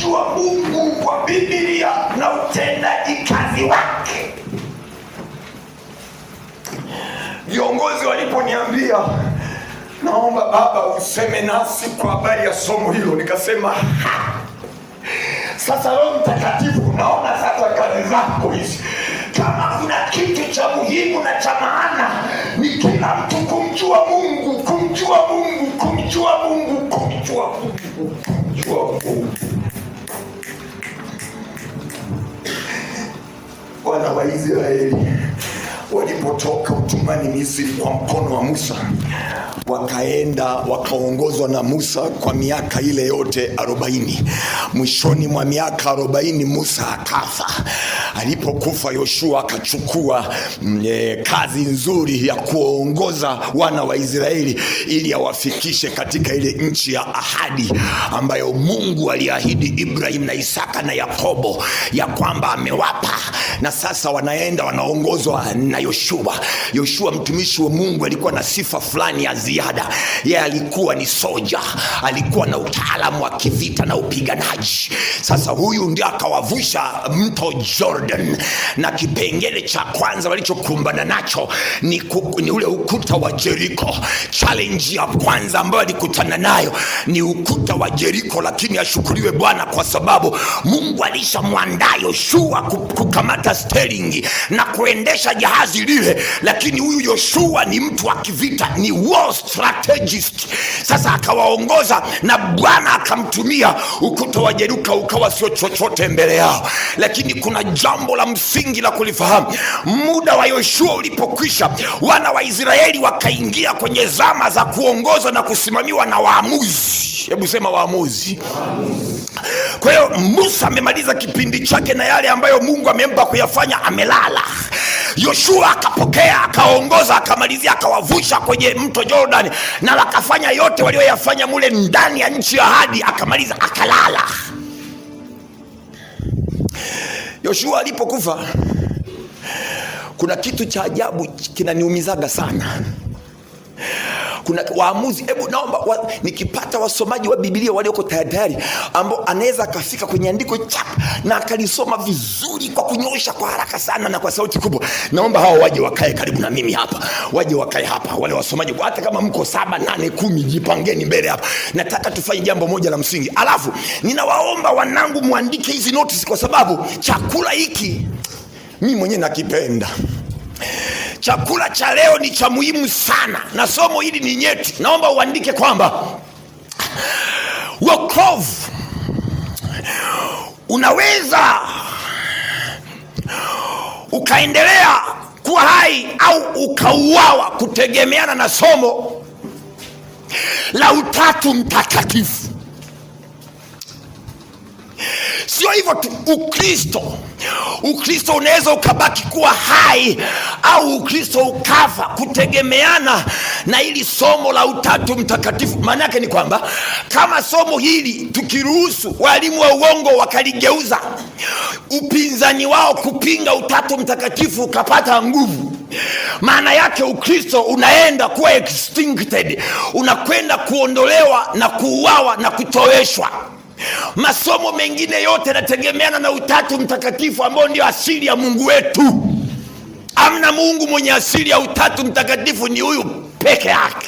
kumjua Mungu kwa Biblia na utendaji kazi wake. Viongozi waliponiambia naomba baba useme nasi kwa habari ya somo hilo, nikasema sasa, Roho Mtakatifu, naona sasa kazi zako hizi. Kama kuna kitu cha muhimu na cha maana ni kila mtu kumjua Mungu, kumjua Mungu, kumjua Israeli walipotoka utumani Misri kwa mkono wa Musa, wakaenda wakaongozwa na Musa kwa miaka ile yote arobaini. Mwishoni mwa miaka arobaini Musa akafa. Alipokufa, Yoshua akachukua mm, e, kazi nzuri ya kuongoza wana wa Israeli ili awafikishe katika ile nchi ya ahadi ambayo Mungu aliahidi Ibrahim na Isaka na Yakobo ya kwamba amewapa, na sasa wanaenda wanaongozwa na Yoshua. Yoshua. Yoshua mtumishi wa Mungu alikuwa na sifa fulani ya ziada. Yeye alikuwa ni soja, alikuwa na utaalamu wa kivita na upiganaji. Sasa huyu ndio akawavusha mto Jordan, na kipengele cha kwanza walichokumbana nacho ni, ni ule ukuta wa Jeriko. Challenge ya kwanza ambayo alikutana nayo ni ukuta wa Jeriko, lakini ashukuriwe Bwana kwa sababu Mungu alishamwandaa Yoshua kukamata steringi na kuendesha jahazi vile, lakini huyu Yoshua ni mtu wa kivita, ni war strategist. Sasa akawaongoza na Bwana akamtumia, ukuta wa Yeriko ukawa sio chochote mbele yao. Lakini kuna jambo la msingi la kulifahamu. Muda wa Yoshua ulipokwisha, wana wa Israeli wakaingia kwenye zama za kuongozwa na kusimamiwa na waamuzi. Hebu sema waamuzi. Kwa hiyo Musa amemaliza kipindi chake na yale ambayo Mungu amempa kuyafanya, amelala. Yoshua akapokea, akaongoza, akamalizia, akawavusha kwenye mto Jordan, na wakafanya yote walioyafanya mule ndani ya nchi ya ahadi, akamaliza, akalala. Yoshua alipokufa, kuna kitu cha ajabu kinaniumizaga sana kuna waamuzi. Hebu naomba wa, nikipata wasomaji wa Biblia walioko tayari ambao anaweza akafika kwenye andiko chap na akalisoma vizuri kwa kunyosha kwa haraka sana na kwa sauti kubwa, naomba hao waje wakae karibu na mimi hapa, waje wakae hapa. Wale wasomaji hata kama mko saba, nane, kumi, jipangeni mbele hapa. Nataka tufanye jambo moja la msingi, alafu ninawaomba wanangu, mwandike hizi notice kwa sababu chakula hiki mimi mwenyewe nakipenda. Chakula cha leo ni cha muhimu sana, na somo hili ni nyeti. Naomba uandike kwamba wokovu unaweza ukaendelea kuwa hai au ukauawa, kutegemeana na somo la Utatu Mtakatifu. Sio hivyo tu, Ukristo Ukristo unaweza ukabaki kuwa hai au Ukristo ukafa kutegemeana na hili somo la Utatu Mtakatifu. Maana yake ni kwamba kama somo hili tukiruhusu walimu wa uongo wakaligeuza upinzani wao kupinga Utatu Mtakatifu ukapata nguvu maana yake Ukristo unaenda kuwa extincted, unakwenda kuondolewa na kuuawa na kutoweshwa. Masomo mengine yote yanategemeana na Utatu Mtakatifu ambao ndio asili ya Mungu wetu. Amna Mungu mwenye asili ya Utatu Mtakatifu, ni huyu peke yake.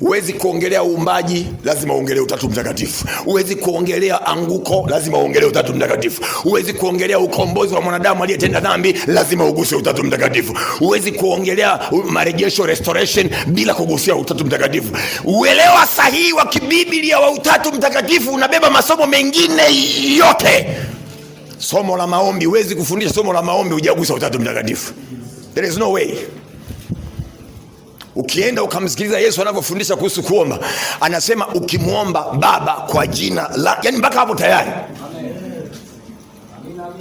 Huwezi kuongelea uumbaji, lazima uongelee utatu mtakatifu. Huwezi kuongelea anguko, lazima uongelee utatu mtakatifu. Huwezi kuongelea ukombozi wa mwanadamu aliyetenda dhambi, lazima uguse utatu mtakatifu. Huwezi kuongelea marejesho, restoration, bila kugusia utatu mtakatifu. Uelewa sahihi wa kibiblia wa utatu mtakatifu unabeba masomo mengine yote. Somo la maombi, huwezi kufundisha somo la maombi hujagusa utatu mtakatifu. There is no way ukienda ukamsikiliza yesu anavyofundisha kuhusu kuomba anasema ukimwomba baba kwa jina la yani mpaka hapo tayari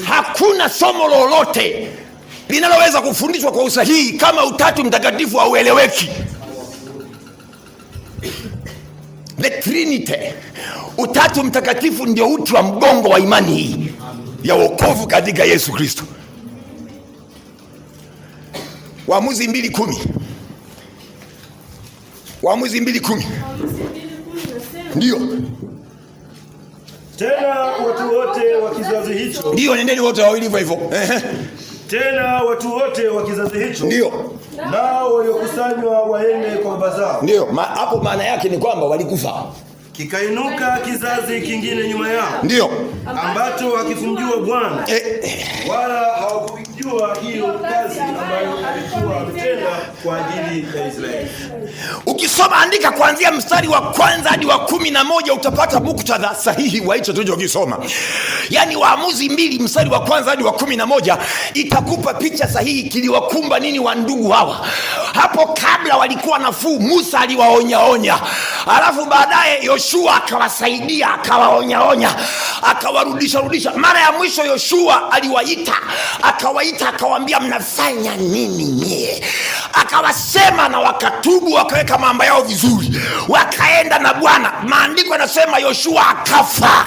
hakuna somo lolote linaloweza kufundishwa kwa usahihi kama utatu mtakatifu haueleweki the trinity utatu mtakatifu ndio uti wa mgongo wa imani hii ya wokovu katika yesu kristo waamuzi mbili kumi Waamuzi mbili kumi. Ndio. Tena watu wote wa kizazi hicho. Ndio, nendeni wote wawili hivyo hivyo. Tena watu wote wa kizazi hicho. Ndio. Nao waliokusanywa waende kwa baba zao. Ndio, hapo Ma, maana yake ni kwamba walikufa. Kikainuka kizazi kingine nyuma yao. Ndio. Ambacho hakikumjua Bwana. Eh. Wala hawaku kujua hiyo kazi ambayo alikuwa ametenda kwa ajili ya Israeli. Ukisoma andika kuanzia mstari wa kwanza hadi wa kumi na moja utapata muktadha sahihi wa hicho tulichokisoma, yaani Waamuzi mbili mstari wa kwanza hadi wa kumi na moja itakupa picha sahihi kiliwakumba nini wa ndugu hawa. Hapo kabla walikuwa nafuu, Musa aliwaonyaonya, alafu baadaye Yoshua akawasaidia akawaonyaonya, akawarudisharudisha. Mara ya mwisho Yoshua aliwaita akawaita akawaita akawaambia mnafanya nini nyie? Akawasema na wakatubu, wakaweka mambo yao vizuri, wakaenda na Bwana. Maandiko anasema Yoshua akafa.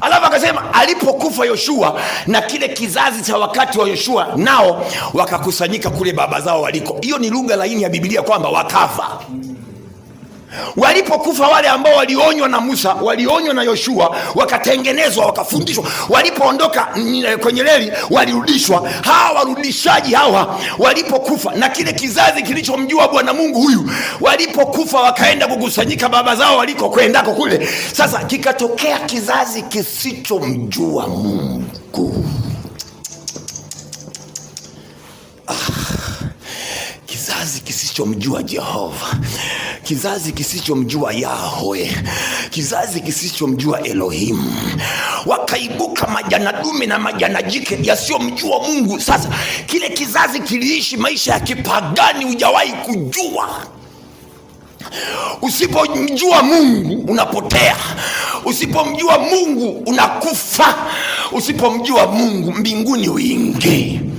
Alafu akasema alipokufa Yoshua na kile kizazi cha wakati wa Yoshua, nao wakakusanyika kule baba zao waliko. Hiyo ni lugha laini ya Biblia kwamba wakafa walipokufa wale ambao walionywa na Musa, walionywa na Yoshua, wakatengenezwa, wakafundishwa, walipoondoka eh, kwenye reli walirudishwa. Hawa warudishaji hawa walipokufa, na kile kizazi kilichomjua Bwana Mungu huyu, walipokufa wakaenda kukusanyika baba zao walikokwendako kule. Sasa kikatokea kizazi kisichomjua Mungu. kizazi kisichomjua jehova kizazi kisichomjua yahwe kizazi kisichomjua elohimu wakaibuka majana na majana jike yasiyomjua mungu sasa kile kizazi kiliishi maisha ya kipagani hujawahi kujua usipomjua mungu unapotea usipomjua mungu unakufa usipomjua mungu mbinguni uingie.